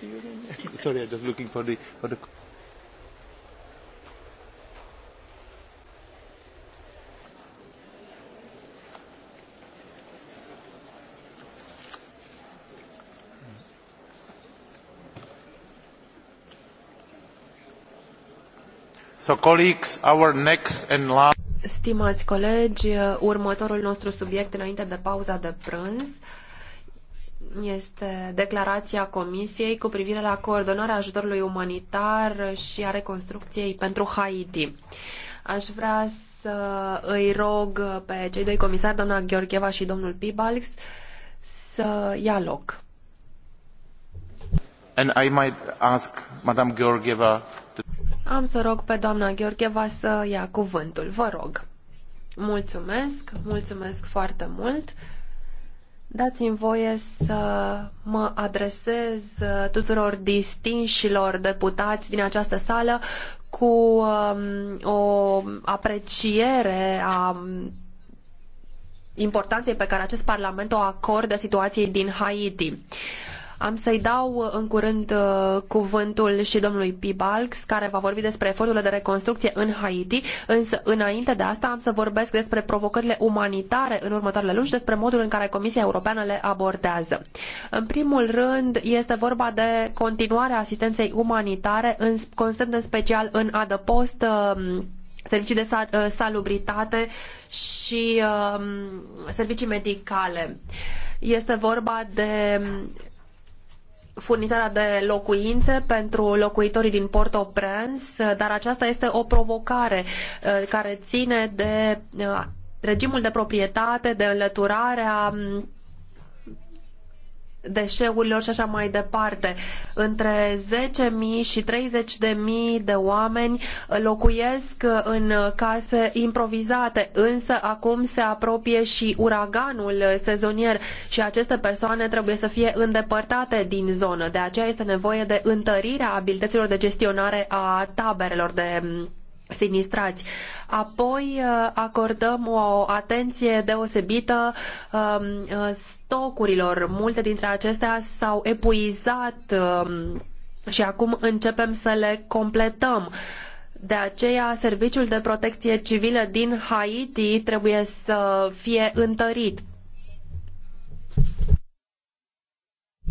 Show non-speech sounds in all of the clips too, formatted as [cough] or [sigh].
hearing? [laughs] Sorry, I'm just looking for the, for the So, colleagues, our next and last... Stimați colegi, următorul nostru subiect înainte de pauza de prânz este declarația Comisiei cu privire la coordonarea ajutorului umanitar și a reconstrucției pentru Haiti. Aș vrea să îi rog pe cei doi comisari, doamna Gheorgheva și domnul Pibalx, să ia loc. And I might ask Madame Georgieva to... Am să rog pe doamna Gheorgheva să ia cuvântul. Vă rog. Mulțumesc, mulțumesc foarte mult. Dați-mi voie să mă adresez uh, tuturor distinșilor deputați din această sală cu um, o apreciere a um, importanței pe care acest Parlament o acordă situației din Haiti. Uh, am să-i dau uh, în curând uh, cuvântul și domnului Pibalx, care va vorbi despre eforturile de reconstrucție în Haiti, însă înainte de asta am să vorbesc despre provocările umanitare în următoarele luni și despre modul în care Comisia Europeană le abordează. În primul rând, este vorba de continuarea asistenței umanitare, în, în special în adăpost, um, servicii de uh, salubritate și um, servicii medicale. Este vorba de furnizarea de locuințe pentru locuitorii din Port-au-Prince, dar aceasta este o provocare uh, care ține de uh, regimul de proprietate, de înlăturarea um, deșeurilor și așa mai departe. Între 10.000 și 30.000 de oameni locuiesc în case improvizate, însă acum se apropie și uraganul sezonier și aceste persoane trebuie să fie îndepărtate din zonă. De aceea este nevoie de întărirea abilităților de gestionare a taberelor de sinistrați. Apoi uh, acordăm o atenție deosebită um, uh, stocurilor. Multe dintre acestea s-au epuizat um, și acum începem să le completăm. De aceea, Serviciul de Protecție Civilă din Haiti trebuie să fie întărit.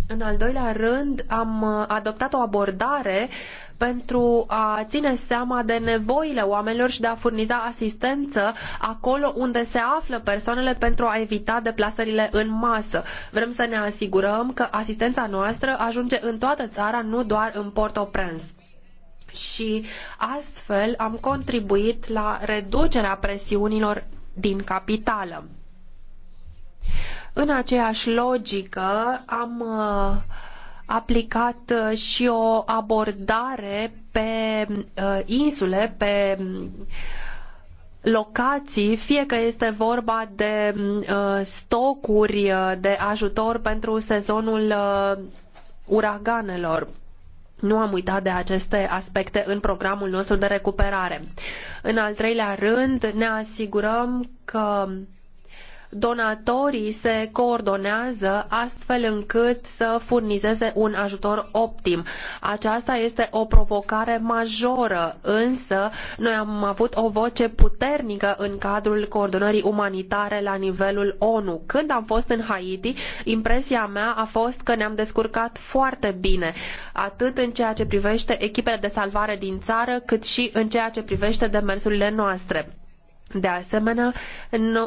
În al doilea rând, am uh, adoptat o abordare uh, pentru a ține seama de nevoile oamenilor și de a furniza asistență acolo unde se află persoanele pentru a evita deplasările în masă. Vrem să ne asigurăm că asistența noastră ajunge în toată țara, nu doar în Port-au-Prince și astfel am contribuit la reducerea presiunilor din capitală. În aceeași logică am uh, aplicat uh, și o abordare pe uh, insule, pe mm, locații, fie că este vorba de mm, uh, stocuri de ajutor pentru sezonul uraganelor. Nu am uitat de aceste aspecte în programul nostru de recuperare. În al treilea rând, ne asigurăm că mm, donatorii se coordonează astfel încât să furnizeze un ajutor optim. Aceasta este o provocare majoră, însă noi am avut o voce puternică în cadrul coordonării umanitare la nivelul ONU. Când am fost în Haiti, impresia mea a fost că ne-am descurcat foarte bine, atât în ceea ce privește echipele de salvare din țară, cât și în ceea ce privește demersurile noastre. De asemenea,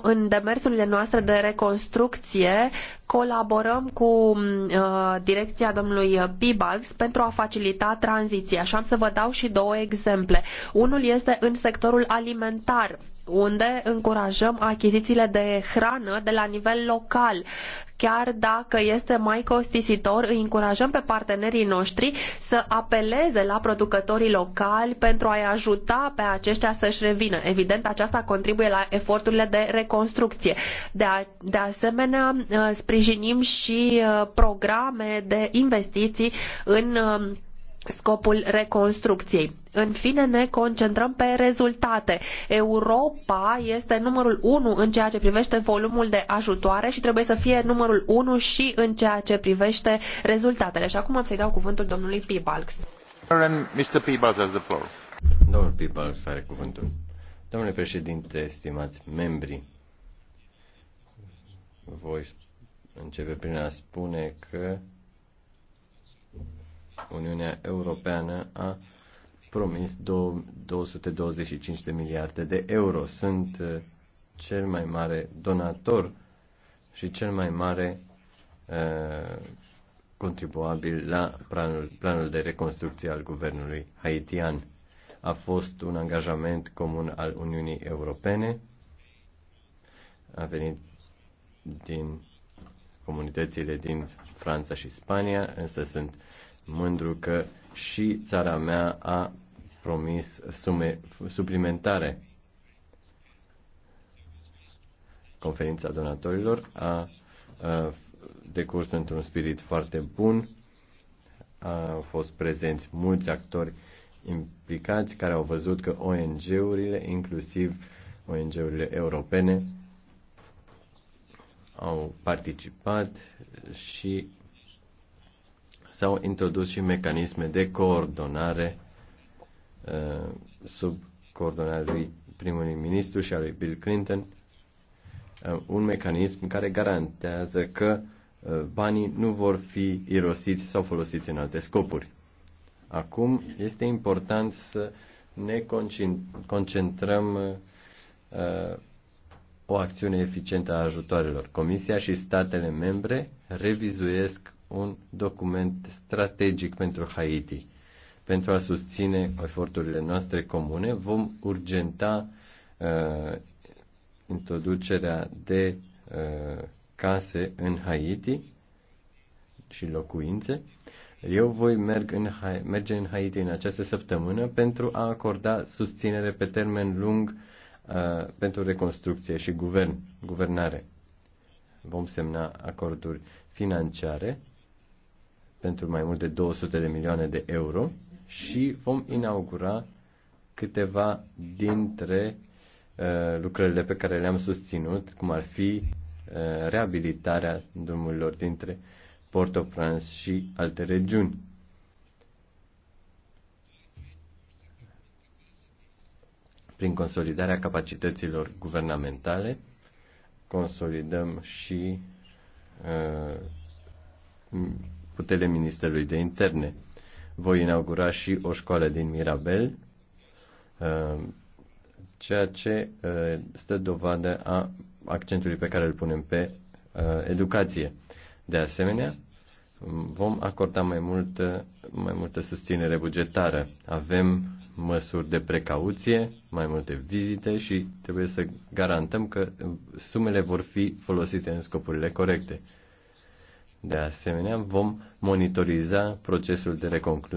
în demersurile noastre de reconstrucție colaborăm cu mm, uh, direcția domnului Bibalx pentru a facilita tranziția și am să vă dau și două exemple. Unul este în sectorul alimentar unde încurajăm achizițiile de hrană de la nivel local. Chiar dacă este mai costisitor, îi încurajăm pe partenerii noștri să apeleze la producătorii locali pentru a-i ajuta pe aceștia să-și revină. Evident, aceasta contribuie la eforturile de reconstrucție. De, a, de asemenea, uh, sprijin sprijinim și uh, programe de investiții în um, scopul reconstrucției. În fine, ne concentrăm pe rezultate. Europa este numărul unu în ceea ce privește volumul de ajutoare și trebuie să fie numărul unu și în ceea ce privește rezultatele. Și acum am să-i dau cuvântul domnului Pibalks. Mr. Peebles has the floor. Domnul Peebles are cuvântul. Domnule președinte, stimați membri, voi începe prin a spune că Uniunea Europeană a promis 225 de miliarde de euro. Sunt uh, cel mai mare donator și cel mai mare uh, contribuabil la planul, planul de reconstrucție al guvernului haitian. A fost un angajament comun al Uniunii Europene, a venit din comunitățile din Franța și Spania, însă sunt mândru că și țara mea a promis sume suplimentare. Conferința donatorilor a, a decurs într-un spirit foarte bun. Au fost prezenți mulți actori implicați care au văzut că ONG-urile, inclusiv ONG-urile europene, au participat și s-au introdus și mecanisme de coordonare uh, sub coordonarea lui primului ministru și a lui Bill Clinton, uh, un mecanism care garantează că uh, banii nu vor fi irosiți sau folosiți în alte scopuri. Acum este important să ne concentrăm o acțiune eficientă a ajutoarelor. Comisia și statele membre revizuiesc un document strategic pentru Haiti. Pentru a susține eforturile noastre comune, vom urgenta uh, introducerea de uh, case în Haiti și locuințe. Eu voi merg în, merge în Haiti în această săptămână pentru a acorda susținere pe termen lung uh, pentru reconstrucție și guvern, guvernare. Vom semna acorduri financiare pentru mai mult de 200 de milioane de euro și vom inaugura câteva dintre uh, lucrările pe care le-am susținut, cum ar fi uh, reabilitarea drumurilor dintre Port-au-Prince și alte regiuni. prin consolidarea capacităților guvernamentale, consolidăm și uh, putele Ministerului de Interne. Voi inaugura și o școală din Mirabel, uh, ceea ce uh, stă dovadă a accentului pe care îl punem pe educație. De asemenea, vom acorda mai multă, mai multă susținere bugetară. Avem măsuri de precauție, mai multe vizite și trebuie să garantăm că uh, sumele vor fi folosite în scopurile corecte. De asemenea, vom monitoriza procesul de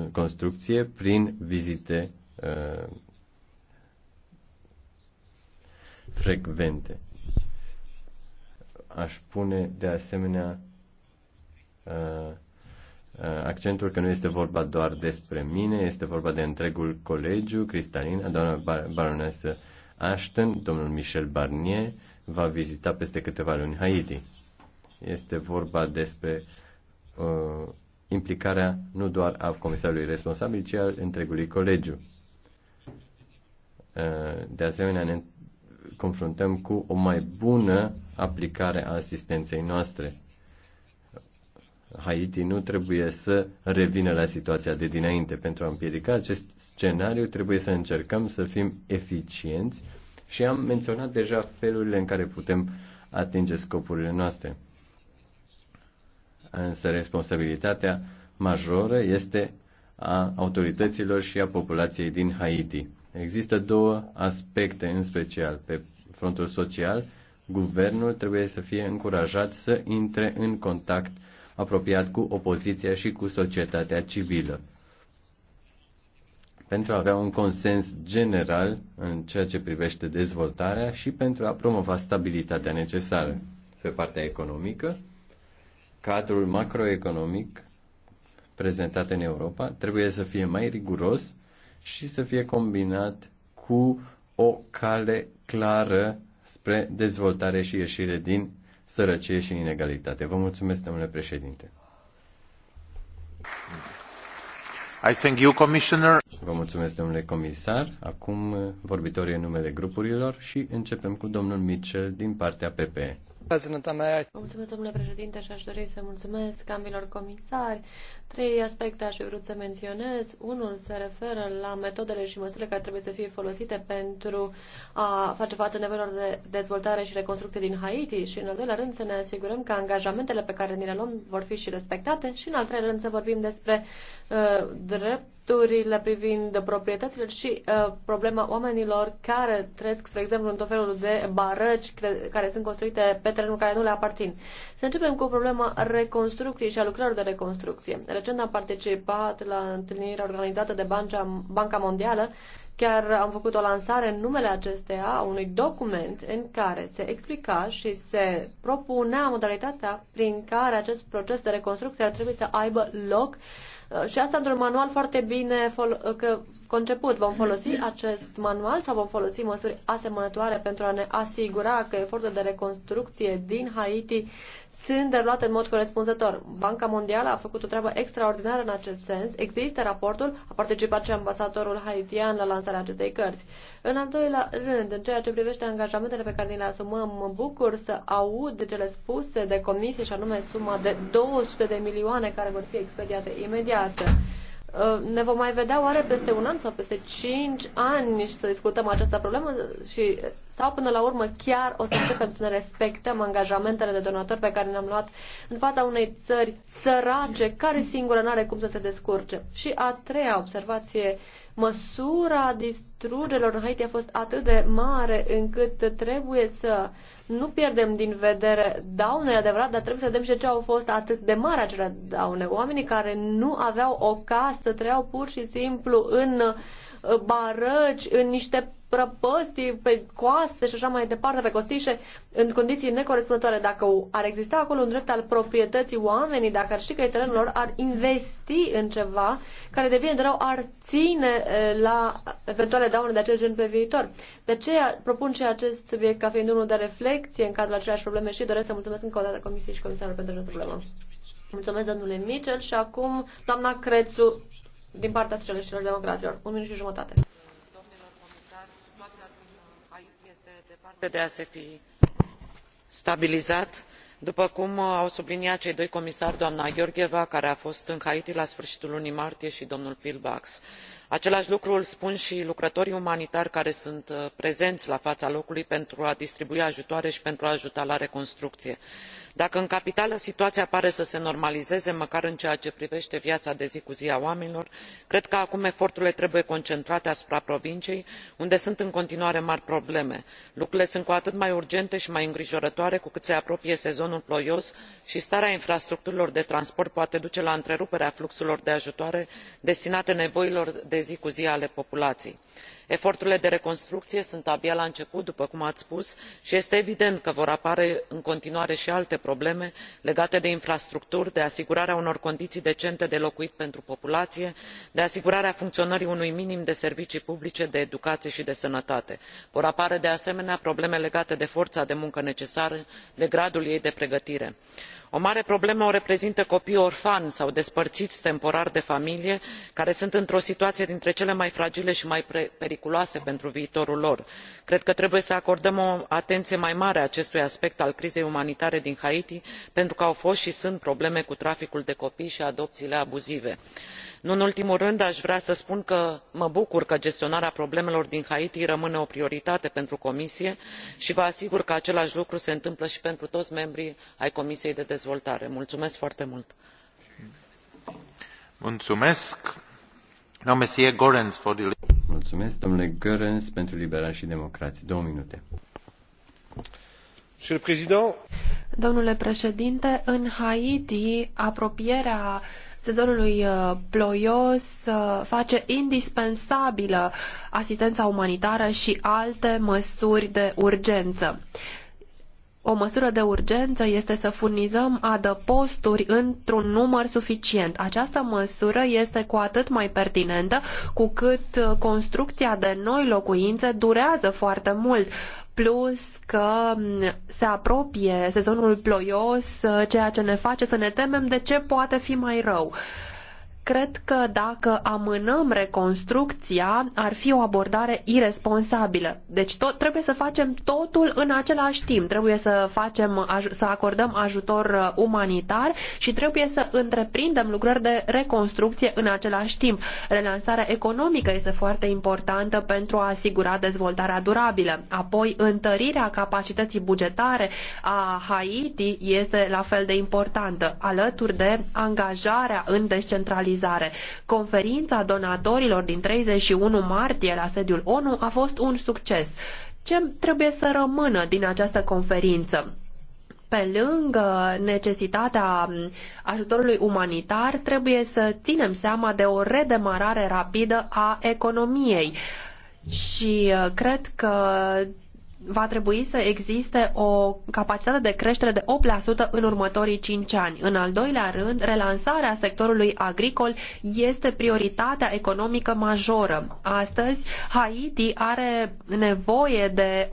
reconstrucție prin vizite uh, frecvente. Aș pune de asemenea uh, Uh, accentul că nu este vorba doar despre mine, este vorba de întregul colegiu, Cristalina, doamna bar- baronesă Ashton, domnul Michel Barnier va vizita peste câteva luni Haiti. Este vorba despre uh, implicarea nu doar a comisarului responsabil, ci al întregului colegiu. Uh, de asemenea, ne confruntăm cu o mai bună aplicare a asistenței noastre Haiti nu trebuie să revină la situația de dinainte. Pentru a împiedica acest scenariu, trebuie să încercăm să fim eficienți și am menționat deja felurile în care putem atinge scopurile noastre. Însă responsabilitatea majoră este a autorităților și a populației din Haiti. Există două aspecte în special. Pe frontul social, guvernul trebuie să fie încurajat să intre în contact apropiat cu opoziția și cu societatea civilă. Pentru a avea un consens general în ceea ce privește dezvoltarea și pentru a promova stabilitatea necesară pe partea economică, cadrul macroeconomic prezentat în Europa trebuie să fie mai riguros și să fie combinat cu o cale clară spre dezvoltare și ieșire din sărăcie și inegalitate. Vă mulțumesc, domnule președinte. I thank you, Commissioner. Vă mulțumesc, domnule comisar. Acum vorbitorii în numele grupurilor și începem cu domnul Mitchell din partea PPE. Mulțumesc, și aș dori să mulțumesc ambilor comisari. Trei aspecte aș fi vrut să menționez. Unul se referă la metodele și măsurile care trebuie să fie folosite pentru a face față nevoilor de dezvoltare și reconstrucție din Haiti și, în al doilea rând, să ne asigurăm că angajamentele pe care ni le luăm vor fi și respectate și, în al treilea rând, să vorbim despre uh, drept drepturile privind proprietățile și uh, problema oamenilor care trăiesc, spre exemplu, în tot felul de barăci care sunt construite pe terenul care nu le aparțin. Să începem cu problema reconstrucției și a lucrărilor de reconstrucție. Recent am participat la întâlnirea organizată de Banca, Banca Mondială Chiar am făcut o lansare în numele acesteia a unui document în care se explica și se propunea modalitatea prin care acest proces de reconstrucție ar trebui să aibă loc Uh, și asta într-un manual foarte bine uh, că conceput. Vom folosi acest manual sau vom folosi măsuri asemănătoare pentru a ne asigura că efortul de reconstrucție din Haiti sunt derulate în mod corespunzător. Banca Mondială a făcut o treabă extraordinară în acest sens. Există raportul, a participat și ambasadorul haitian la lansarea acestei cărți. În al doilea rând, în ceea ce privește angajamentele pe care ni le asumăm, mă bucur să aud cele spuse de comisie și anume suma de 200 de milioane care vor fi expediate imediat. Uh, ne vom mai vedea oare peste un an sau peste cinci ani și să discutăm această problemă și, sau până la urmă chiar o să începem să ne respectăm angajamentele de donatori pe care ne-am luat în fața unei țări sărace care singură nu are cum să se descurce. Și a treia observație măsura distrugerilor în Haiti a fost atât de mare încât trebuie să nu pierdem din vedere daunele adevărat, dar trebuie să vedem și de ce au fost atât de mari acele daune. Oamenii care nu aveau o casă trăiau pur și simplu în Uh, barăci, în niște prăpăstii, pe coaste și așa mai departe, pe costișe, în condiții necorespunzătoare. Dacă ar exista acolo un drept al proprietății oamenii, dacă ar ști că e terenul lor, ar investi în ceva care devine de rău ar ține uh, la eventuale daune de acest gen pe viitor. De aceea propun și acest subiect ca fiind unul de reflexie în cadrul aceleași probleme și doresc să mulțumesc încă o dată Comisiei și Comisarul pentru această problemă. Mulțumesc, domnule Mitchell, și acum doamna Crețu din partea socialiștilor democraților. Un minut și jumătate. Domnilor Comisar, situația din Haiti este departe de a se fi stabilizat după cum au subliniat cei doi comisari doamna georgieva care a fost în haiti la sfâritul lunii martie i domnul piebalgs. acelai lucru îl spun i lucrătorii umanitari care sunt uh, prezeni la faa locului pentru a distribui ajutoare i pentru a ajuta la reconstrucie dacă în capitală situaia pare să se normalizeze măcar în ceea ce privete viaa de zi cu zi a oamenilor cred că acum eforturile trebuie concentrate asupra provinciei unde sunt în continuare mari probleme. lucrurile sunt cu atât mai urgente i mai îngrijorătoare cu cât se apropie sezonul ploios i starea infrastructurilor de transport poate duce la întreruperea fluxurilor de ajutoare destinate nevoilor de zi cu zi ale populaiei eforturile de reconstrucie sunt abia la început după cum ai spus i este evident că vor apărea în continuare i alte probleme legate de infrastructuri de asigurarea unor condiii decente de locuit pentru populaie de asigurarea funcionării unui minim de servicii publice de educaie i de sănătate. vor apărea de asemenea probleme legate de fora de muncă necesară de gradul ei de pregătire o mare problemă o reprezintă copiii orfani sau despării temporar de familie care sunt într o situaie dintre cele mai fragile i mai periculoase pentru viitorul lor. cred că trebuie să acordăm o atenie mai mare acestui aspect al crizei umanitare din haiti pentru că au fost i sunt probleme cu traficul de copii i adopțiile abuzive nu în ultimul rând a vrea să spun că mă bucur că gestionarea problemelor din haiti rămâne o prioritate pentru comisie i vă asigur că acelai lucru se întâmplă i pentru toi membrii ai comisiei de dezvoltare. mulumesc foarte mult! Mulțumesc. Mulțumesc, domnule Goerens, pentru și Două minute. Domnule președinte, în Haiti, apropierea sezonului uh, ploios uh, face indispensabilă asistența umanitară și alte măsuri de urgență. O măsură de urgență este să furnizăm adăposturi într-un număr suficient. Această măsură este cu atât mai pertinentă cu cât uh, construcția de noi locuințe durează foarte mult plus că se apropie sezonul ploios, ceea ce ne face să ne temem de ce poate fi mai rău. Cred că dacă amânăm reconstrucția, ar fi o abordare irresponsabilă. Deci tot, trebuie să facem totul în același timp. Trebuie să, facem, să acordăm ajutor uh, umanitar și trebuie să întreprindem lucrări de reconstrucție în același timp. Relansarea economică este foarte importantă pentru a asigura dezvoltarea durabilă. Apoi, întărirea capacității bugetare a Haiti este la fel de importantă, alături de angajarea în descentralizare monitorizare. Conferința donatorilor din 31 martie la sediul ONU a fost un succes. Ce trebuie să rămână din această conferință? pe lângă necesitatea ajutorului umanitar, trebuie să ținem seama de o redemarare rapidă a economiei. Și uh, cred că va trebui să existe o capacitate de creștere de 8% în următorii 5 ani. În al doilea rând, relansarea sectorului agricol este prioritatea economică majoră. Astăzi, Haiti are nevoie de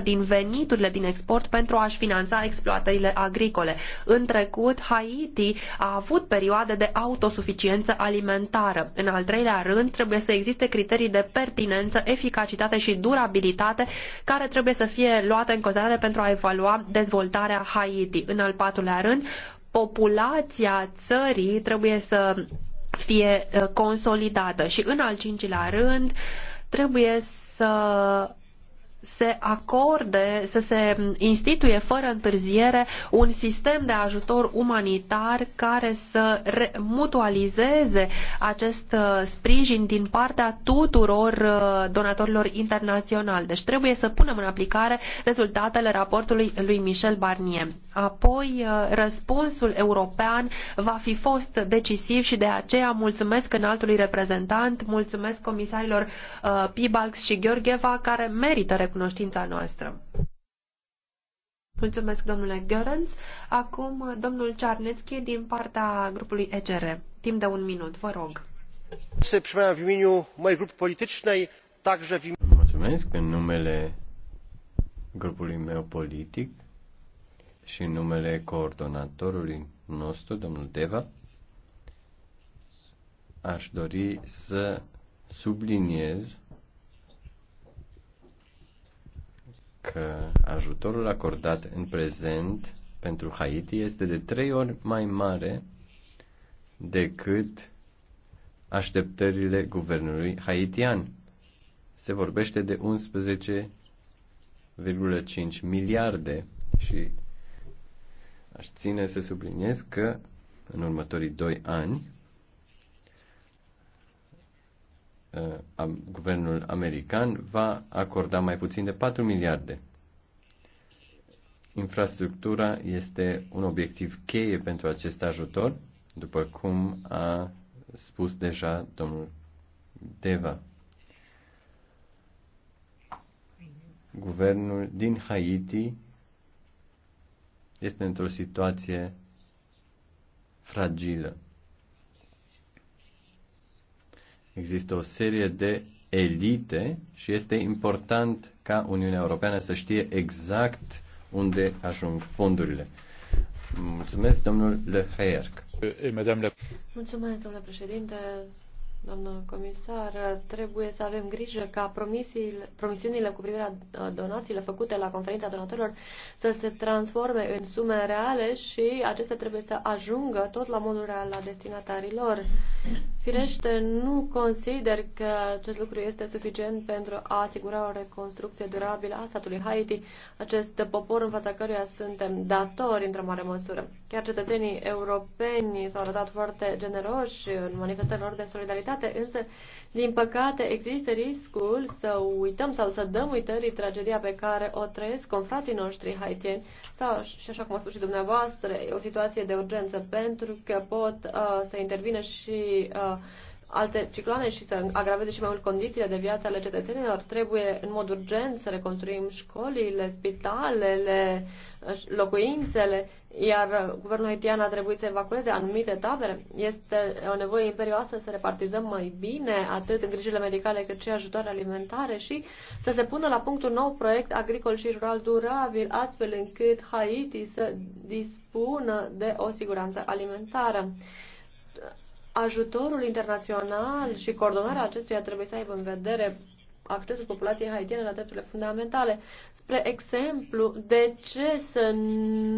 80% din veniturile din export pentru a-și finanța exploatările agricole. În trecut, Haiti a avut perioade de autosuficiență alimentară. În al treilea rând, trebuie să existe criterii de pertinență, eficacitate și durabilitate care trebuie să fie luate în considerare pentru a evalua dezvoltarea Haiti. În al patrulea rând, populația țării trebuie să fie eh, consolidată și în al cincilea rând trebuie să se acorde, să se instituie fără întârziere un sistem de ajutor umanitar care să mutualizeze acest uh, sprijin din partea tuturor uh, donatorilor internaționali. Deci trebuie să punem în aplicare rezultatele raportului lui Michel Barnier. Apoi, uh, răspunsul european va fi fost decisiv și de aceea mulțumesc înaltului reprezentant, mulțumesc comisarilor uh, Pibalx și Gheorgheva care merită recunoaștere cunoștința noastră. Mulțumesc, domnule Görens. Acum, domnul Czarnecki din partea grupului ECR. Timp de un minut, vă rog. Mulțumesc în numele grupului meu politic și în numele coordonatorului nostru, domnul Deva. Aș dori să subliniez că ajutorul acordat în prezent pentru Haiti este de trei ori mai mare decât așteptările guvernului haitian. Se vorbește de 11,5 miliarde și aș ține să subliniez că în următorii doi ani Uh, guvernul american va acorda mai puțin de 4 miliarde. Infrastructura este un obiectiv cheie pentru acest ajutor, după cum a spus deja domnul Deva. Guvernul din Haiti este într-o situație fragilă. Există o serie de elite și este important ca Uniunea Europeană să știe exact unde ajung fondurile. Mulțumesc, domnul Le Hayerc. Mulțumesc, domnule președinte, doamnă comisar. Trebuie să avem grijă ca promisiunile cu privire la uh, donațiile făcute la conferința donatorilor să se transforme în sume reale și acestea trebuie să ajungă tot la modul real la destinatarii lor. Firește, nu consider că acest lucru este suficient pentru a asigura o reconstrucție durabilă a statului Haiti, acest popor în fața căruia suntem datori într-o mare măsură. Chiar cetățenii europeni s-au arătat foarte generoși în manifestările lor de solidaritate, însă, din păcate, există riscul să uităm sau să dăm uitării tragedia pe care o trăiesc confrații noștri haitieni sau, da, și așa cum a spus și dumneavoastră, e o situație de urgență pentru că pot uh, să intervine și uh, alte cicloane și să agraveze și mai mult condițiile de viață ale cetățenilor. Trebuie în mod urgent să reconstruim școlile, spitalele, locuințele, iar guvernul haitian a trebuit să evacueze anumite tabere. Este o nevoie imperioasă să repartizăm mai bine atât grijile medicale cât și ajutoare alimentare și să se pună la punct un nou proiect agricol și rural durabil, astfel încât Haiti să dispună de o siguranță alimentară ajutorul internațional și coordonarea acestuia trebuie să aibă în vedere accesul populației haitiene la drepturile fundamentale. Spre exemplu, de ce să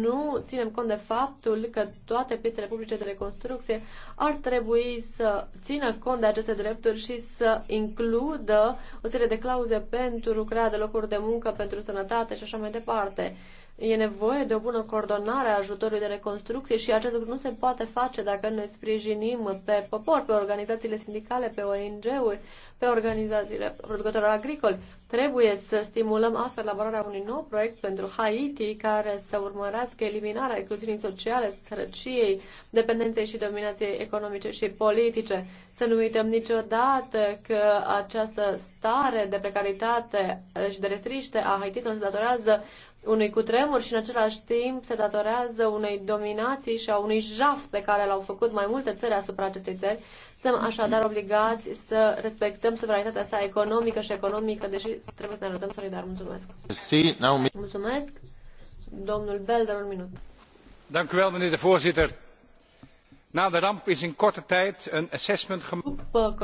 nu ținem cont de faptul că toate piețele publice de reconstrucție ar trebui să țină cont de aceste drepturi și să includă o serie de clauze pentru crearea de locuri de muncă, pentru sănătate și așa mai departe. E nevoie de o bună coordonare a ajutorului de reconstrucție și acest lucru nu se poate face dacă ne sprijinim pe popor, pe organizațiile sindicale, pe ONG-uri, pe organizațiile producătorilor agricoli. Trebuie să stimulăm astfel elaborarea unui nou proiect pentru Haiti care să urmărească eliminarea excluziunii sociale, sărăciei, dependenței și dominației economice și politice. Să nu uităm niciodată că această stare de precaritate și de restriște a Haiti se datorează unui cutremur și în același timp se datorează unei dominații și a unui jaf pe care l-au făcut mai multe țări asupra acestei țări. Suntem așadar obligați să respectăm suveranitatea sa economică și economică, deși trebuie să ne arătăm solidar. Mulțumesc! Mulțumesc! Domnul Belder, un minut. Dank u wel, meneer de voorzitter na de ramp is in korte tijd een assessment gemaakt.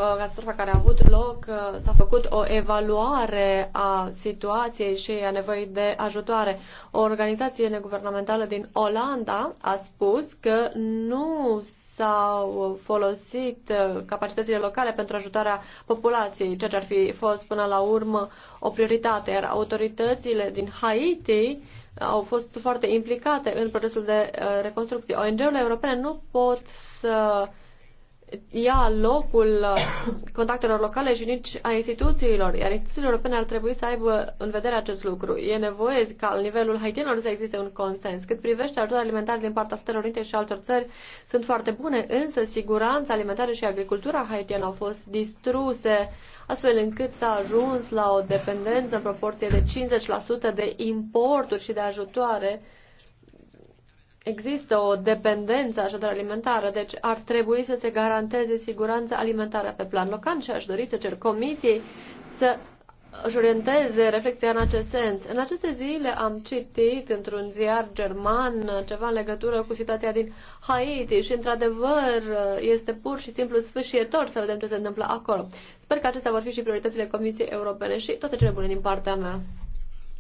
Uh, s-a făcut o evaluare a situației și a nevoii de ajutoare. O organizație neguvernamentală din Olanda a spus că nu s-au folosit uh, capacitățile locale pentru ajutarea populației, ceea ce ar fi fost până la urmă o prioritate, iar autoritățile din Haiti au fost foarte implicate în procesul de uh, reconstrucție. ONG-urile europene nu pot să ia locul uh, contactelor locale și nici a instituțiilor, iar instituțiile europene ar trebui să aibă în vedere acest lucru. E nevoie ca la nivelul haitienilor să existe un consens. Cât privește ajutorul alimentar din partea Statelor Unite și altor țări, sunt foarte bune, însă siguranța alimentară și agricultura haitiană au fost distruse astfel încât s-a ajuns la o dependență în proporție de 50% de importuri și de ajutoare. Există o dependență așadar alimentară, deci ar trebui să se garanteze siguranța alimentară pe plan local și aș dori să cer comisiei să își orienteze reflecția în acest sens. În aceste zile am citit într-un ziar german ceva în legătură cu situația din Haiti și, într-adevăr, este pur și simplu sfârșietor să vedem ce se întâmplă acolo. Sper că acestea vor fi și prioritățile Comisiei Europene și toate cele bune din partea mea.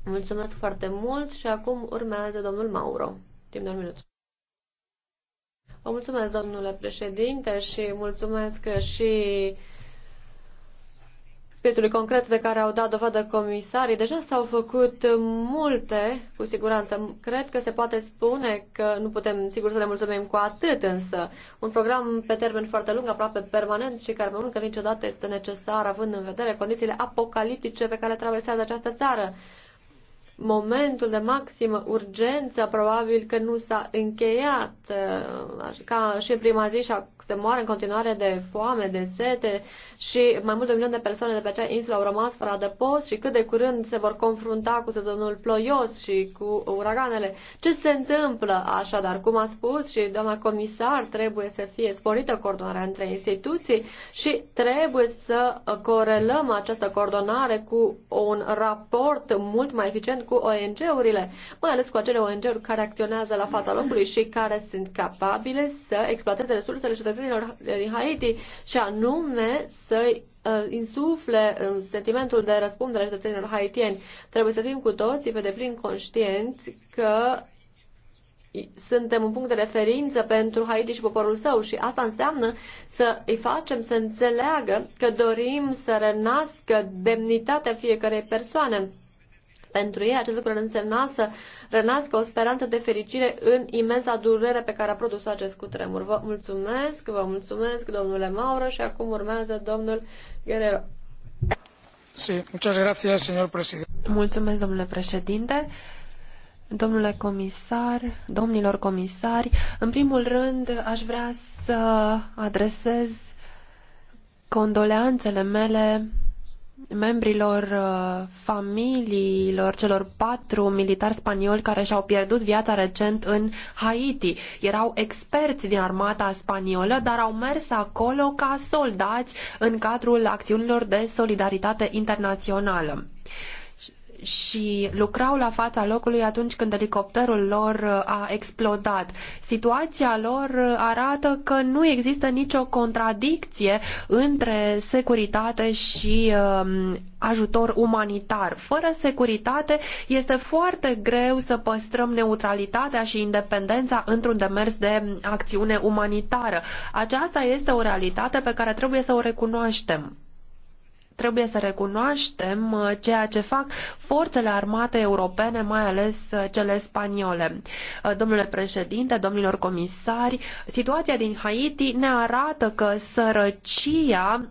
Mulțumesc foarte mult și acum urmează domnul Mauro. Timp de un minut. Vă mulțumesc, domnule președinte, și mulțumesc și spiritului concret de care au dat dovadă comisarii. Deja s-au făcut multe, cu siguranță. Cred că se poate spune că nu putem, sigur, să le mulțumim cu atât, însă un program pe termen foarte lung, aproape permanent și care mai mult că niciodată este necesar, având în vedere condițiile apocaliptice pe care traversează această țară momentul de maximă urgență probabil că nu s-a încheiat, uh, ca și în prima zi și se moare în continuare de foame, de sete și mai mult de un milion de persoane de pe acea insulă au rămas fără adăpost și cât de curând se vor confrunta cu sezonul ploios și cu uraganele. Ce se întâmplă așadar? Cum a spus și doamna comisar, trebuie să fie sporită coordonarea între instituții și trebuie să corelăm această coordonare cu un raport mult mai eficient cu ONG-urile, mai ales cu acele ONG-uri care acționează la fața locului și care sunt capabile să exploateze resursele cetățenilor din Haiti și anume să uh, insufle uh, sentimentul de răspundere a cetățenilor haitieni. Trebuie să fim cu toții pe deplin conștienți că suntem un punct de referință pentru Haiti și poporul său și asta înseamnă să îi facem să înțeleagă că dorim să renască demnitatea fiecarei persoane pentru ei acest lucru însemna să rănească o speranță de fericire în imensa durere pe care a produs acest cutremur. Vă mulțumesc, vă mulțumesc, domnule Maură, și acum urmează domnul Guerrero. Sí, muchas gracias, señor presidente. Mulțumesc, domnule președinte. Domnule comisar, domnilor comisari, în primul rând aș vrea să adresez condoleanțele mele membrilor uh, familiilor celor patru militari spanioli care și-au pierdut viața recent în Haiti. Erau experți din armata spaniolă, dar au mers acolo ca soldați în cadrul acțiunilor de solidaritate internațională și lucrau la fața locului atunci când elicopterul lor uh, a explodat. Situația lor uh, arată că nu există nicio contradicție între securitate și um, ajutor umanitar. Fără securitate este foarte greu să păstrăm neutralitatea și independența într-un demers de acțiune umanitară. Aceasta este o realitate pe care trebuie să o recunoaștem trebuie să recunoaștem uh, ceea ce fac forțele armate europene, mai ales uh, cele spaniole. Uh, domnule președinte, domnilor comisari, situația din Haiti ne arată că sărăcia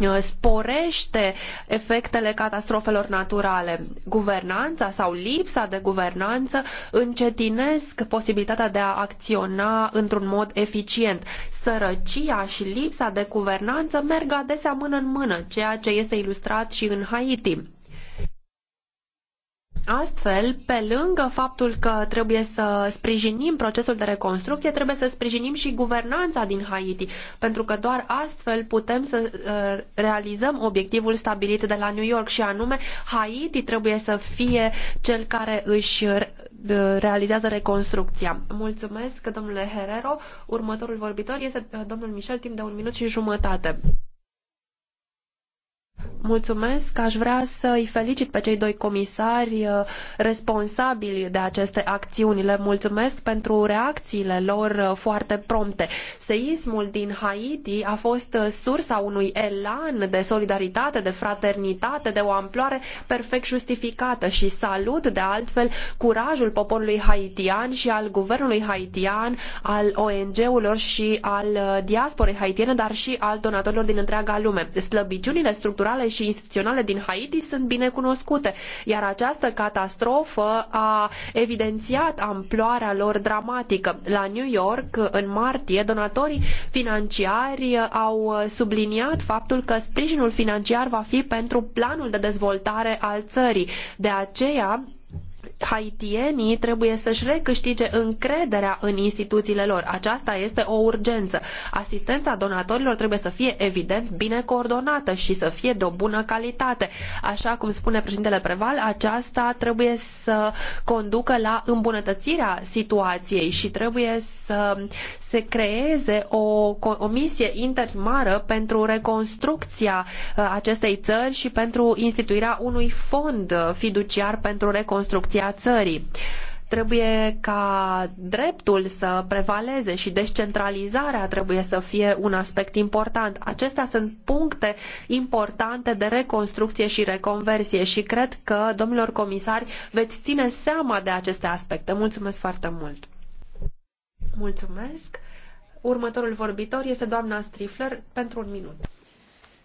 Uh, sporește efectele catastrofelor naturale. Guvernanța sau lipsa de guvernanță încetinesc posibilitatea de a acționa într-un mod eficient. Sărăcia și lipsa de guvernanță merg adesea mână în mână, ceea ce este ilustrat și în Haiti. Astfel, pe lângă faptul că trebuie să sprijinim procesul de reconstrucție, trebuie să sprijinim și guvernanța din Haiti, pentru că doar astfel putem să uh, realizăm obiectivul stabilit de la New York și anume Haiti trebuie să fie cel care își realizează reconstrucția. Mulțumesc, domnule Herrero. Următorul vorbitor este uh, domnul Michel, timp de un minut și jumătate. Mulțumesc. Aș vrea să îi felicit pe cei doi comisari uh, responsabili de aceste acțiuni. Le mulțumesc pentru reacțiile lor uh, foarte prompte. Seismul din Haiti a fost uh, sursa unui elan de solidaritate, de fraternitate, de o amploare perfect justificată și salut de altfel curajul poporului haitian și al guvernului haitian, al ONG-urilor și al diasporei haitiene, dar și al donatorilor din întreaga lume. Slăbiciunile structurale culturale și instituționale din Haiti sunt bine cunoscute, iar această catastrofă a evidențiat amploarea lor dramatică. La New York, în martie, donatorii financiari au subliniat faptul că sprijinul financiar va fi pentru planul de dezvoltare al țării. De aceea, haitienii trebuie să-și recâștige încrederea în instituțiile lor. Aceasta este o urgență. Asistența donatorilor trebuie să fie, evident, bine coordonată și să fie de o bună calitate. Așa cum spune președintele Preval, aceasta trebuie să conducă la îmbunătățirea situației și trebuie să se creeze o comisie intermară pentru reconstrucția uh, acestei țări și pentru instituirea unui fond fiduciar pentru reconstrucția țării trebuie ca dreptul să prevaleze și descentralizarea trebuie să fie un aspect important. Acestea sunt puncte importante de reconstrucție și reconversie și cred că, domnilor comisari, veți ține seama de aceste aspecte. Mulțumesc foarte mult! Mulțumesc. Următorul vorbitor este doamna Strifler pentru un minut.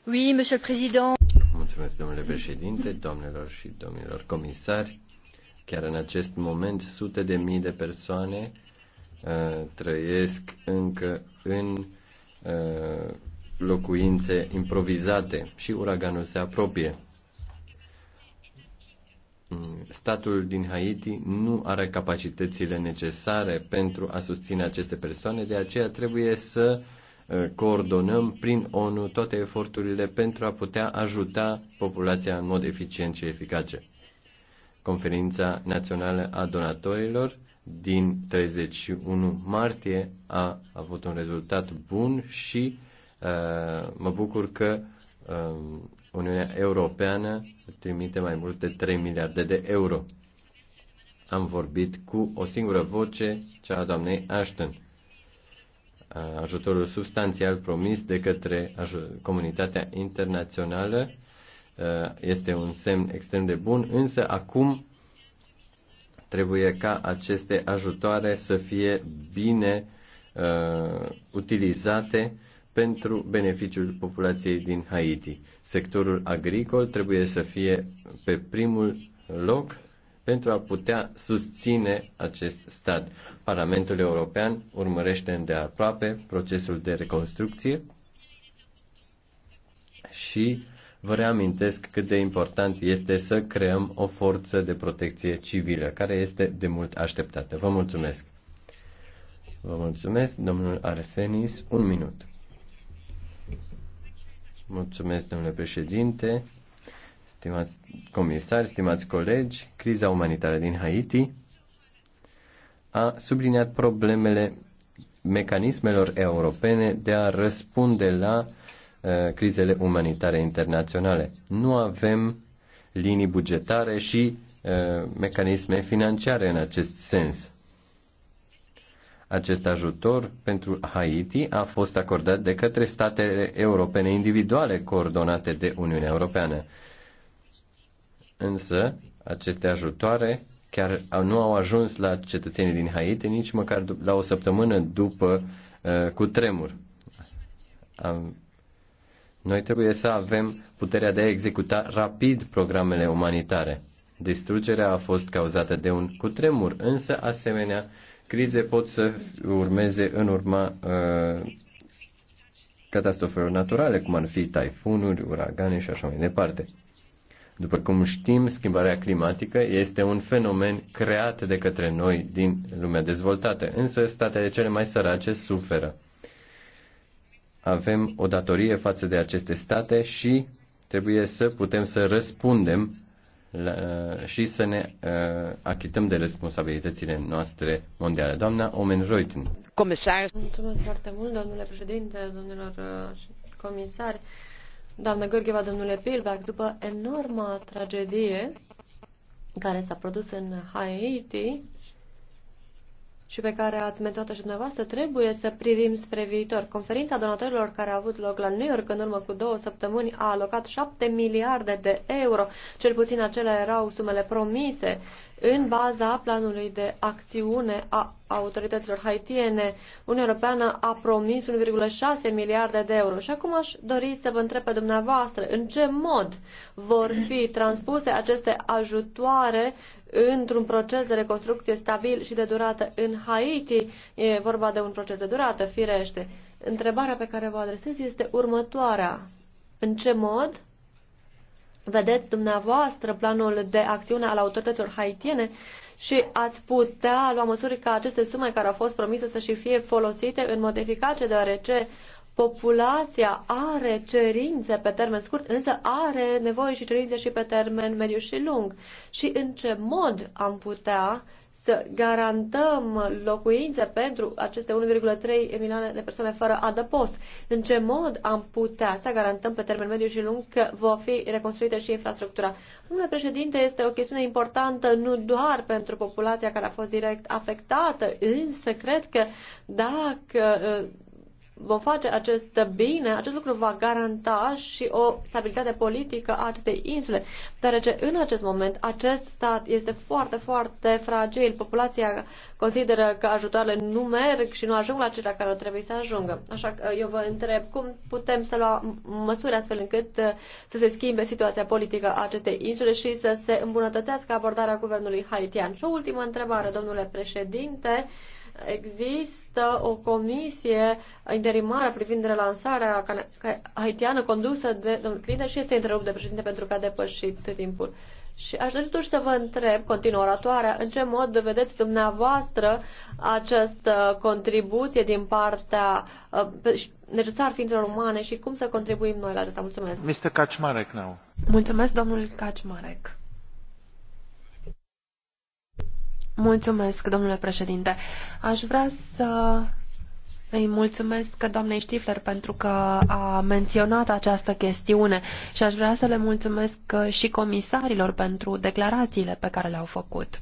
Oui, monsieur le président. Mulțumesc, domnule președinte, doamnelor și domnilor comisari. Chiar în acest moment, sute de mii de persoane uh, trăiesc încă în uh, locuințe improvizate și uraganul se apropie statul din Haiti nu are capacitățile necesare pentru a susține aceste persoane, de aceea trebuie să uh, coordonăm prin ONU toate eforturile pentru a putea ajuta populația în mod eficient și eficace. Conferința Națională a Donatorilor din 31 martie a avut un rezultat bun și uh, mă bucur că uh, Uniunea Europeană trimite mai mult de 3 miliarde de euro. Am vorbit cu o singură voce, cea a doamnei Ashton. Ajutorul substanțial promis de către comunitatea internațională este un semn extrem de bun, însă acum trebuie ca aceste ajutoare să fie bine uh, utilizate pentru beneficiul populației din Haiti. Sectorul agricol trebuie să fie pe primul loc pentru a putea susține acest stat. Parlamentul European urmărește îndeaproape procesul de reconstrucție și vă reamintesc cât de important este să creăm o forță de protecție civilă, care este de mult așteptată. Vă mulțumesc! Vă mulțumesc, domnul Arsenis, un minut. Mulțumesc, domnule președinte, stimați comisari, stimați colegi. Criza umanitară din Haiti a subliniat problemele mecanismelor europene de a răspunde la uh, crizele umanitare internaționale. Nu avem linii bugetare și uh, mecanisme financiare în acest sens. Acest ajutor pentru Haiti a fost acordat de către statele europene individuale coordonate de Uniunea Europeană. Însă, aceste ajutoare chiar nu au ajuns la cetățenii din Haiti nici măcar la o săptămână după uh, cu tremur. Am... Noi trebuie să avem puterea de a executa rapid programele umanitare. Distrugerea a fost cauzată de un cutremur, însă asemenea crize pot să urmeze în urma uh, catastrofelor naturale, cum ar fi taifunuri, uragane și așa mai departe. După cum știm, schimbarea climatică este un fenomen creat de către noi din lumea dezvoltată, însă statele cele mai sărace suferă. Avem o datorie față de aceste state și trebuie să putem să răspundem Uh, și să ne uh, achităm de responsabilitățile noastre mondiale. Doamna Omen Reuten. Comisar. Mulțumesc foarte mult, domnule președinte, domnilor uh, comisari. doamna Gârgheva, domnule Pilbax, după enorma tragedie care s-a produs în Haiti, și pe care ați menționat-o și dumneavoastră, trebuie să privim spre viitor. Conferința donatorilor care a avut loc la New York în urmă cu două săptămâni a alocat 7 miliarde de euro, cel puțin acelea erau sumele promise în baza planului de acțiune a autorităților haitiene. Uniunea Europeană a promis 1,6 miliarde de euro și acum aș dori să vă întreb pe dumneavoastră în ce mod vor fi transpuse aceste ajutoare într-un proces de reconstrucție stabil și de durată în Haiti. E vorba de un proces de durată, firește. Întrebarea pe care vă adresez este următoarea. În ce mod vedeți dumneavoastră planul de acțiune al autorităților haitiene și ați putea lua măsuri ca aceste sume care au fost promise să și fie folosite în mod eficace, deoarece populația are cerințe pe termen scurt, însă are nevoie și cerințe și pe termen mediu și lung. Și în ce mod am putea să garantăm locuințe pentru aceste 1,3 milioane de persoane fără adăpost? În ce mod am putea să garantăm pe termen mediu și lung că va fi reconstruită și infrastructura? Domnule președinte, este o chestiune importantă nu doar pentru populația care a fost direct afectată, însă cred că dacă vom face acest bine, acest lucru va garanta și o stabilitate politică a acestei insule, deoarece în acest moment acest stat este foarte, foarte fragil. Populația consideră că ajutoarele nu merg și nu ajung la cele care trebuie să ajungă. Așa că eu vă întreb cum putem să luăm măsuri astfel încât uh, să se schimbe situația politică a acestei insule și să se îmbunătățească abordarea guvernului haitian. Și o ultimă întrebare, domnule președinte. Există o comisie interimară privind relansarea haitiană condusă de domnul Clinton și este întrerupt de președinte pentru că a depășit timpul. Și aș dori totuși să vă întreb, continuă oratoarea, în ce mod vedeți dumneavoastră această contribuție din partea uh, necesar ființelor umane și cum să contribuim noi la asta. Mulțumesc. Mr. Kaczmarek now. Mulțumesc, domnul Kaczmarek. Mulțumesc, domnule președinte. Aș vrea să îi mulțumesc doamnei Stifler pentru că a menționat această chestiune și aș vrea să le mulțumesc și comisarilor pentru declarațiile pe care le-au făcut.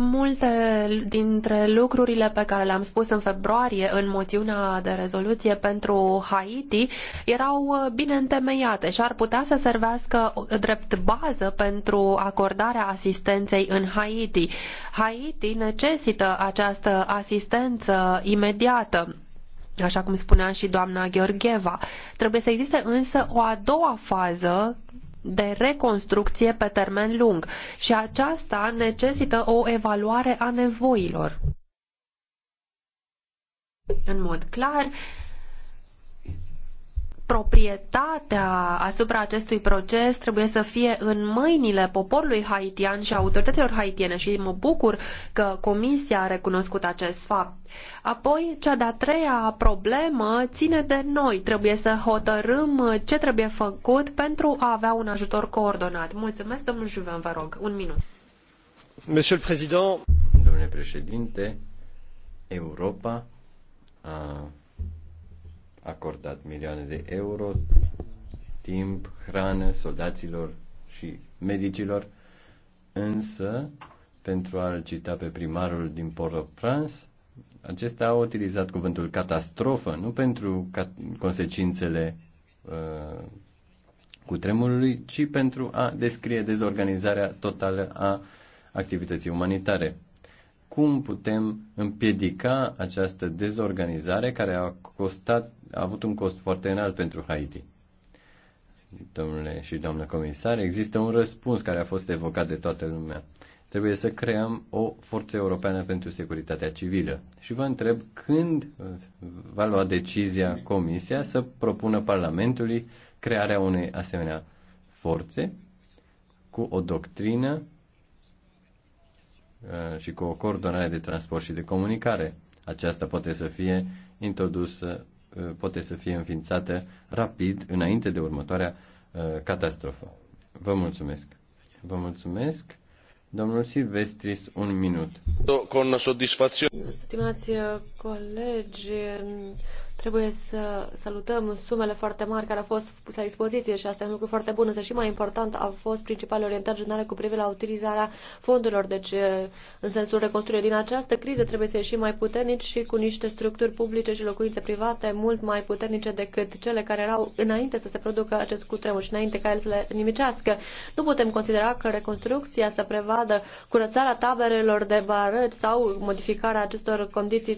Multe dintre lucrurile pe care le-am spus în februarie în moțiunea de rezoluție pentru Haiti erau uh, bine întemeiate și ar putea să servească uh, drept bază pentru acordarea asistenței în Haiti. Haiti necesită această asistență imediată așa cum spunea și doamna Gheorgheva. Trebuie să existe însă o a doua fază de reconstrucție pe termen lung și aceasta necesită o evaluare a nevoilor. În mod clar, proprietatea asupra acestui proces trebuie să fie în mâinile poporului haitian și autorităților haitiene și mă bucur că Comisia a recunoscut acest fapt. Apoi, cea de-a treia problemă ține de noi. Trebuie să hotărâm ce trebuie făcut pentru a avea un ajutor coordonat. Mulțumesc, domnul Juven, vă rog. Un minut. Monsieur Domnule președinte, Europa acordat milioane de euro, timp, hrană, soldaților și medicilor, însă, pentru a-l cita pe primarul din Port-au-Prince, acesta a utilizat cuvântul catastrofă, nu pentru cat- consecințele uh, cutremurului, ci pentru a descrie dezorganizarea totală a activității umanitare. Cum putem împiedica această dezorganizare care a costat a avut un cost foarte înalt pentru Haiti. Domnule și doamnă comisar, există un răspuns care a fost evocat de toată lumea. Trebuie să creăm o forță europeană pentru securitatea civilă. Și vă întreb când uh, va lua decizia Comisia să propună Parlamentului crearea unei asemenea forțe cu o doctrină uh, și cu o coordonare de transport și de comunicare. Aceasta poate să fie introdusă Uh, poate să fie înființată rapid înainte de următoarea uh, catastrofă. Vă mulțumesc. Vă mulțumesc. Domnul Silvestris, un minut. Stimați uh, colegi, Trebuie să salutăm sumele foarte mari care au fost puse la dispoziție și asta e un lucru foarte bun, însă și mai important au fost principale orientări generale cu privire la utilizarea fondurilor. Deci, în sensul reconstruirii din această criză, trebuie să ieșim mai puternici și cu niște structuri publice și locuințe private mult mai puternice decât cele care erau înainte să se producă acest cutremur și înainte ca el să le nimicească. Nu putem considera că reconstrucția să prevadă curățarea taberelor de barăci sau modificarea acestor condiții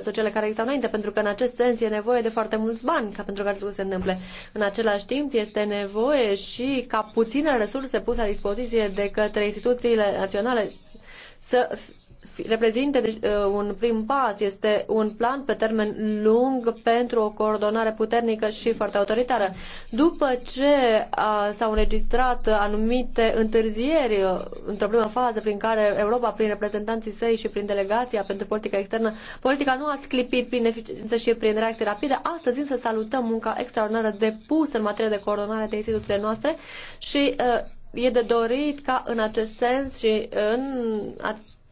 sociale care existau înainte, pentru că în acest sens e nevoie de foarte mulți bani ca pentru care să se întâmple. În același timp este nevoie și ca puține resurse puse la dispoziție de către instituțiile naționale să reprezintă deci, uh, un prim pas, este un plan pe termen lung pentru o coordonare puternică și foarte autoritară. După ce s-au înregistrat anumite întârzieri uh, într-o primă fază prin care Europa, prin reprezentanții săi și prin delegația pentru politica externă, politica nu a sclipit prin eficiență și prin reacții rapidă, astăzi însă salutăm munca extraordinară depusă în materie de coordonare de instituțiile noastre și uh, e de dorit ca în acest sens și în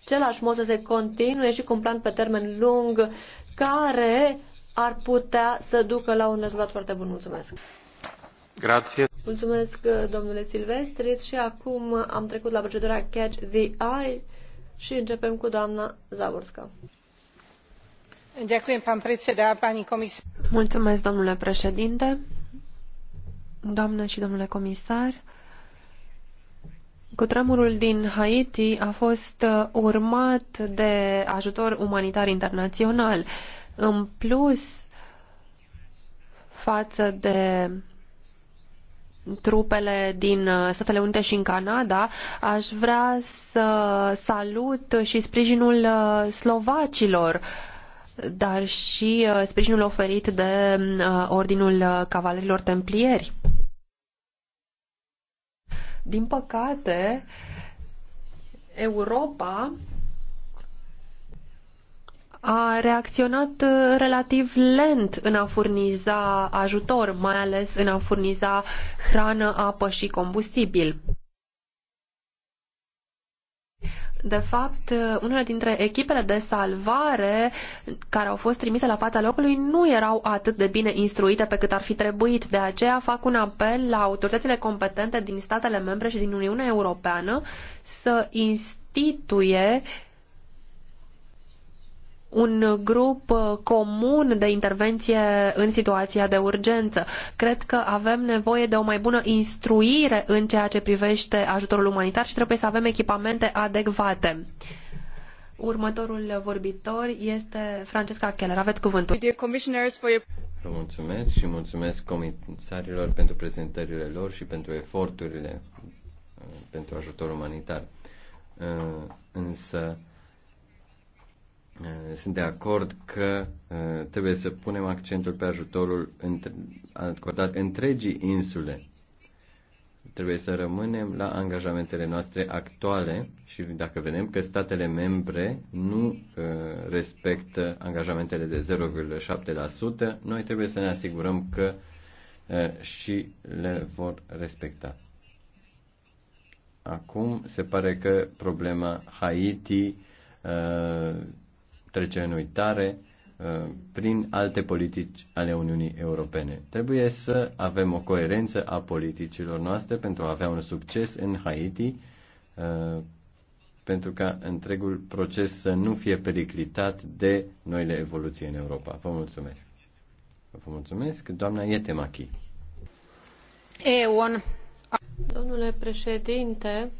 același mod să se continue și cu un plan pe termen lung care ar putea să ducă la un rezultat foarte bun. Mulțumesc! Grație! Mulțumesc, domnule Silvestris, și acum am trecut la procedura Catch the Eye și începem cu doamna Zaborska. Mulțumesc, domnule președinte, doamnă și domnule comisar. Cutremurul din Haiti a fost uh, urmat de ajutor umanitar internațional. În plus, față de trupele din uh, Statele Unite și în Canada, aș vrea să salut și sprijinul uh, slovacilor, dar și sprijinul oferit de mm, Ordinul Cavalerilor Templieri. Din păcate, Europa a reacționat uh, relativ lent în a furniza ajutor, mai ales în a furniza hrană, apă și combustibil. De fapt, unele dintre echipele de salvare care au fost trimise la fața locului nu erau atât de bine instruite pe cât ar fi trebuit. De aceea fac un apel la autoritățile competente din statele membre și din Uniunea Europeană să instituie uh, un grup uh, comun de intervenție în situația de urgență. Cred că avem nevoie de o mai bună instruire în ceea ce privește ajutorul umanitar și trebuie să avem echipamente adecvate. Următorul vorbitor este Francesca Keller. Aveți cuvântul. Vă mulțumesc și mulțumesc comisarilor pentru prezentările lor și pentru eforturile uh, pentru ajutor umanitar. Uh, însă, Uh, sunt de acord că uh, trebuie să punem accentul pe ajutorul acordat întregii insule. Trebuie să rămânem la angajamentele noastre actuale și dacă vedem că statele membre nu uh, respectă angajamentele de 0,7%, noi trebuie să ne asigurăm că și le vor respecta. Acum se pare că problema Haiti trece în uitare uh, prin alte politici ale Uniunii Europene. Trebuie să avem o coerență a politicilor noastre pentru a avea un succes în Haiti, uh, pentru ca întregul proces să nu fie periclitat de noile evoluții în Europa. Vă mulțumesc. Vă mulțumesc, doamna Ietemachi. Eon. Domnule președinte,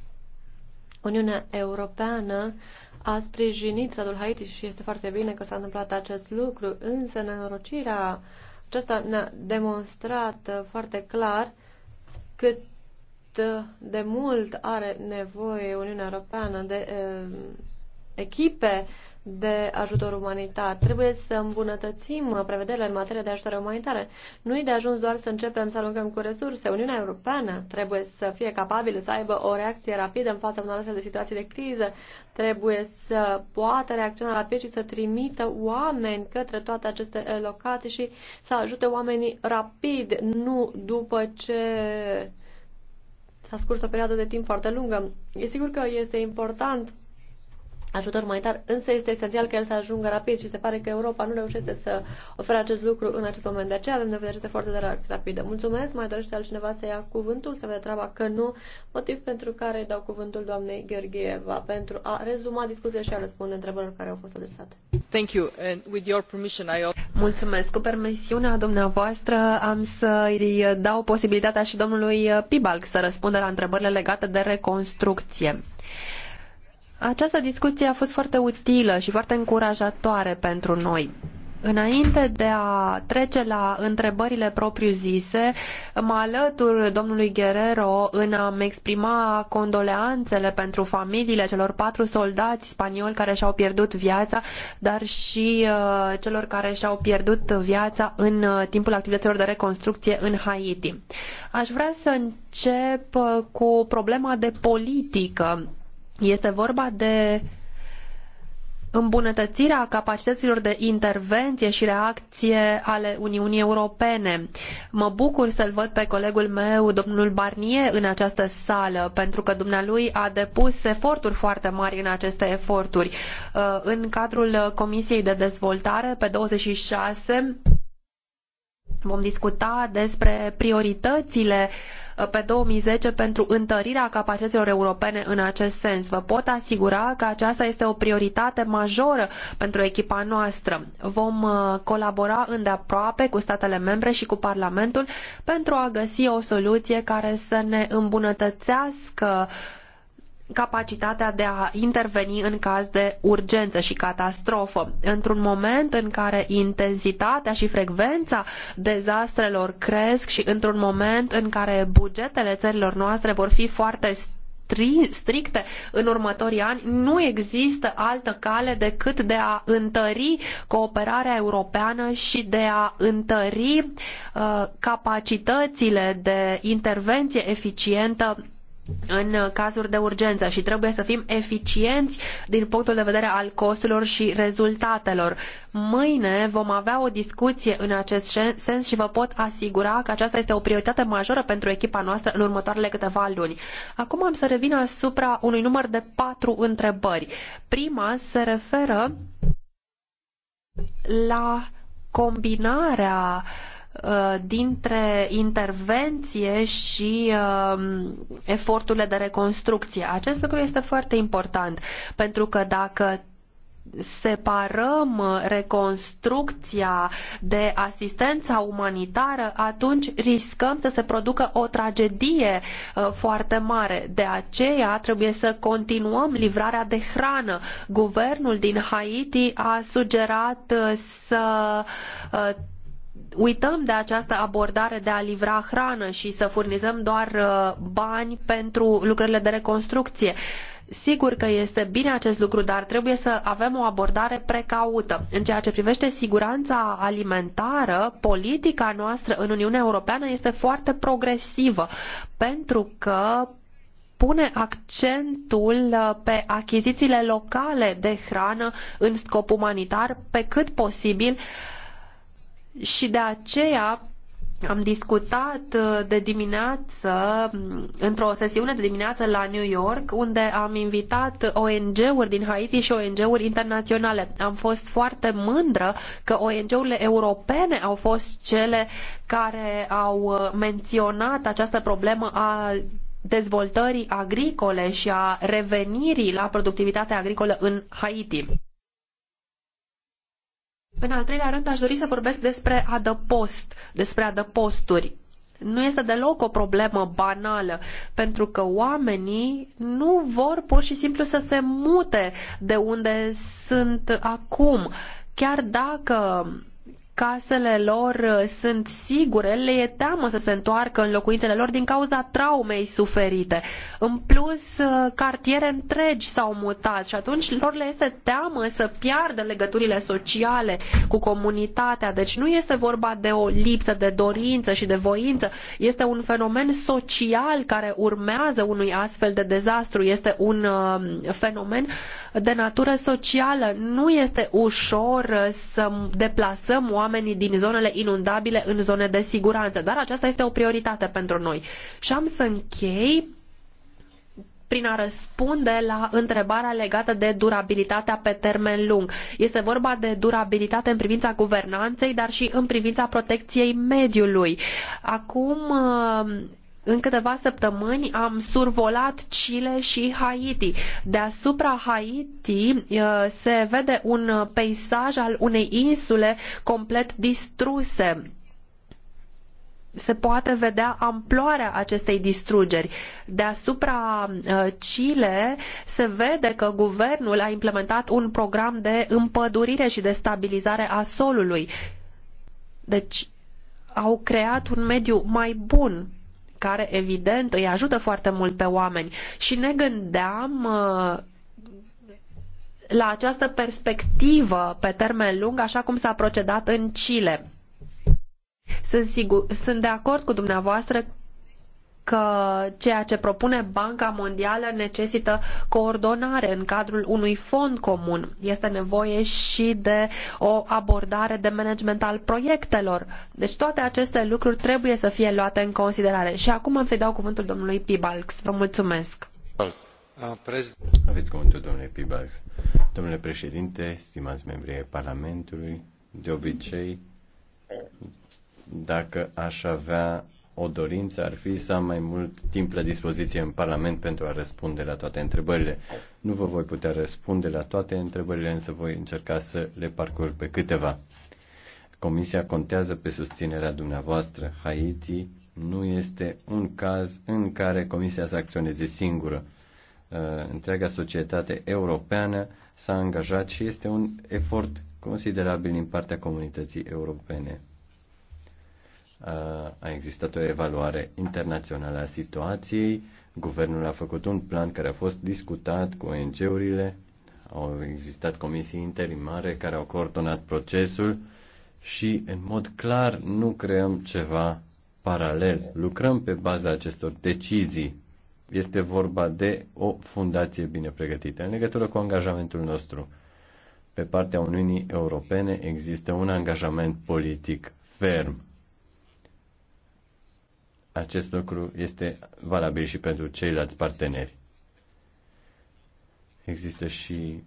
Uniunea Europeană a sprijinit statul Haiti și este foarte bine că s-a întâmplat acest lucru, însă nenorocirea aceasta ne-a demonstrat uh, foarte clar cât uh, de mult are nevoie Uniunea Europeană de e, uh, echipe de ajutor umanitar. Trebuie să îmbunătățim prevederile în materie de ajutor umanitar. Nu e de ajuns doar să începem să aruncăm cu resurse. Uniunea Europeană trebuie să fie capabilă să aibă o reacție rapidă în fața unor astfel de situații de criză. Trebuie să poată reacționa rapid și să trimită oameni către toate aceste locații și să ajute oamenii rapid, nu după ce s-a scurs o perioadă de timp foarte lungă. E sigur că este important ajutor umanitar, însă este esențial că el să ajungă rapid și se pare că Europa nu reușește să ofere acest lucru în acest moment. De aceea avem nevoie de aceste forțe de reacție rapidă. Mulțumesc, mai dorește altcineva să ia cuvântul, să vede treaba că nu, motiv pentru care dau cuvântul doamnei Gheorgheva pentru a rezuma discuția și a răspunde întrebărilor care au fost adresate. Thank you. And with your permission, I... Mulțumesc. Cu permisiunea dumneavoastră am să îi dau posibilitatea și domnului Pibalc să răspundă la întrebările legate de reconstrucție. Această discuție a fost foarte utilă și foarte încurajatoare pentru noi. Înainte de a trece la întrebările propriu-zise, mă alătur domnului Guerrero în a-mi exprima condoleanțele pentru familiile celor patru soldați spanioli care și-au pierdut viața, dar și uh, celor care și-au pierdut viața în uh, timpul activităților de reconstrucție în Haiti. Aș vrea să încep uh, cu problema de politică este vorba de îmbunătățirea capacităților de intervenție și reacție ale Uniunii Europene. Mă bucur să-l văd pe colegul meu, domnul Barnier, în această sală, pentru că dumnealui a depus eforturi foarte mari în aceste eforturi. Uh, în cadrul Comisiei de Dezvoltare, pe 26, vom discuta despre prioritățile Uh, pe 2010 pentru întărirea capacităților europene în acest sens. Vă pot asigura că aceasta este o prioritate majoră pentru echipa noastră. Vom uh, colabora îndeaproape cu statele membre și cu Parlamentul pentru a găsi o soluție care să ne îmbunătățească capacitatea de a interveni în caz de urgență și catastrofă. Într-un moment în care intensitatea și frecvența dezastrelor cresc și într-un moment în care bugetele țărilor noastre vor fi foarte stricte în următorii ani, nu există altă cale decât de a întări cooperarea europeană și de a întări uh, capacitățile de intervenție eficientă în uh, cazuri de urgență și trebuie să fim eficienți din punctul de vedere al costurilor și rezultatelor. Mâine vom avea o discuție în acest sens și vă pot asigura că aceasta este o prioritate majoră pentru echipa noastră în următoarele câteva luni. Acum am să revin asupra unui număr de patru întrebări. Prima se referă la combinarea uh, Uh, dintre intervenție și uh, eforturile de reconstrucție. Acest lucru este foarte important, pentru că dacă separăm uh, reconstrucția de asistența umanitară, atunci riscăm să se producă o tragedie foarte mare. De aceea trebuie să continuăm livrarea de hrană. Guvernul din Haiti a sugerat să uităm de această abordare de a livra hrană și să furnizăm doar uh, bani pentru lucrările de reconstrucție. Sigur că este bine acest lucru, dar trebuie să avem o abordare precaută. În ceea ce privește siguranța alimentară, politica noastră în Uniunea Europeană este foarte progresivă, pentru că pune accentul uh, pe achizițiile locale de hrană în scop umanitar pe cât posibil uh, și de aceea am discutat uh, de dimineață, într-o sesiune de dimineață la New York, unde am invitat ONG-uri din Haiti și ONG-uri internaționale. Am fost foarte mândră că ONG-urile europene au fost cele care au uh, menționat această problemă a dezvoltării agricole și a revenirii la productivitatea agricolă în Haiti. În al treilea rând, aș dori să vorbesc despre adăpost, despre adăposturi. Nu este deloc o problemă banală, pentru că oamenii nu vor pur și simplu să se mute de unde sunt acum. Chiar dacă casele lor uh, sunt sigure, le e teamă să se întoarcă în locuințele lor din cauza traumei suferite. În plus, uh, cartiere întregi s-au mutat și atunci lor le este teamă să piardă legăturile sociale cu comunitatea. Deci nu este vorba de o lipsă de dorință și de voință, este un fenomen social care urmează unui astfel de dezastru, este un uh, fenomen de natură socială. Nu este ușor să deplasăm oamenii din zonele inundabile în zone de siguranță, dar aceasta este o prioritate pentru noi. Și am să închei prin a răspunde la întrebarea legată de durabilitatea pe termen lung. Este vorba de durabilitate în privința guvernanței, dar și în privința protecției mediului. Acum în câteva săptămâni am survolat Chile și Haiti. Deasupra Haiti uh, se vede un peisaj al unei insule complet distruse. Se poate vedea amploarea acestei distrugeri. Deasupra uh, Chile se vede că guvernul a implementat un program de împădurire și de stabilizare a solului. Deci au creat un mediu mai bun care evident îi ajută foarte mult pe oameni și ne gândeam uh, la această perspectivă pe termen lung, așa cum s-a procedat în Chile. Sunt, sigur, sunt de acord cu dumneavoastră că ceea ce propune Banca Mondială necesită coordonare în cadrul unui fond comun. Este nevoie și de o abordare de management al proiectelor. Deci toate aceste lucruri trebuie să fie luate în considerare. Și acum am să-i dau cuvântul domnului Pibalx. Vă mulțumesc. Aveți cuvântul, domnule Pibalx. Domnule președinte, stimați membrii Parlamentului, de obicei, dacă aș avea o dorință ar fi să am mai mult timp la dispoziție în Parlament pentru a răspunde la toate întrebările. Nu vă voi putea răspunde la toate întrebările, însă voi încerca să le parcurg pe câteva. Comisia contează pe susținerea dumneavoastră. Haiti nu este un caz în care Comisia să acționeze singură. Uh, întreaga societate europeană s-a angajat și este un efort considerabil din partea comunității europene a existat o evaluare internațională a situației, guvernul a făcut un plan care a fost discutat cu ONG-urile, au existat comisii interimare care au coordonat procesul și, în mod clar, nu creăm ceva paralel. Lucrăm pe baza acestor decizii. Este vorba de o fundație bine pregătită. În legătură cu angajamentul nostru, pe partea Uniunii Europene există un angajament politic ferm acest lucru este valabil și pentru ceilalți parteneri. Există și,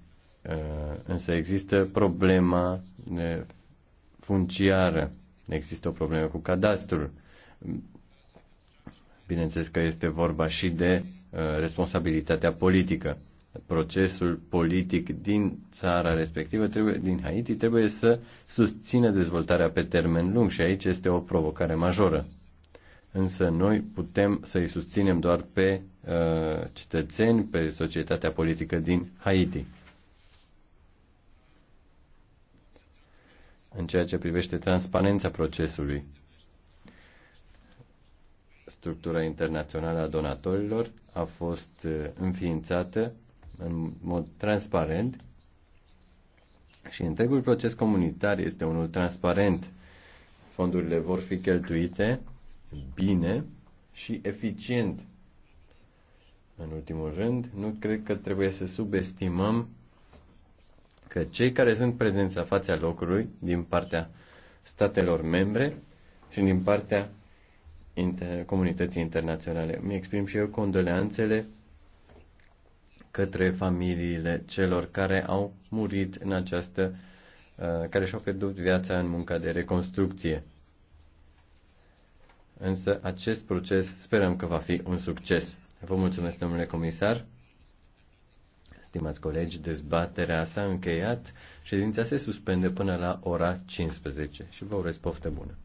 uh, însă există problema uh, funciară, există o problemă cu cadastrul. Bineînțeles că este vorba și de uh, responsabilitatea politică. Procesul politic din țara respectivă, trebuie, din Haiti, trebuie să susțină dezvoltarea pe termen lung și aici este o provocare majoră însă noi putem să-i susținem doar pe uh, cetățeni, pe societatea politică din Haiti. În ceea ce privește transparența procesului, structura internațională a donatorilor a fost uh, înființată în mod transparent și întregul proces comunitar este unul transparent. Fondurile vor fi cheltuite bine și eficient. În ultimul rând, nu cred că trebuie să subestimăm că cei care sunt prezenți la fața locului din partea statelor membre și din partea inter- comunității internaționale. Mi exprim și eu condoleanțele către familiile celor care au murit în această, uh, care și-au pierdut viața în munca de reconstrucție însă acest proces sperăm că va fi un succes. Vă mulțumesc, domnule comisar. Stimați colegi, dezbaterea s-a încheiat. Ședința se suspende până la ora 15 și vă urez poftă bună.